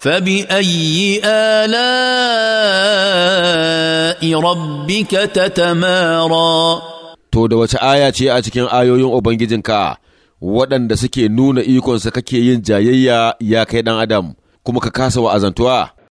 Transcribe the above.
فباي آلاء ربك تتمارى to da wace aya ce a cikin ayoyin ubangijinka waɗanda suke nuna ikonsa kake yin jayayya ya kai ɗan adam kuma ka kasa wa'azantuwa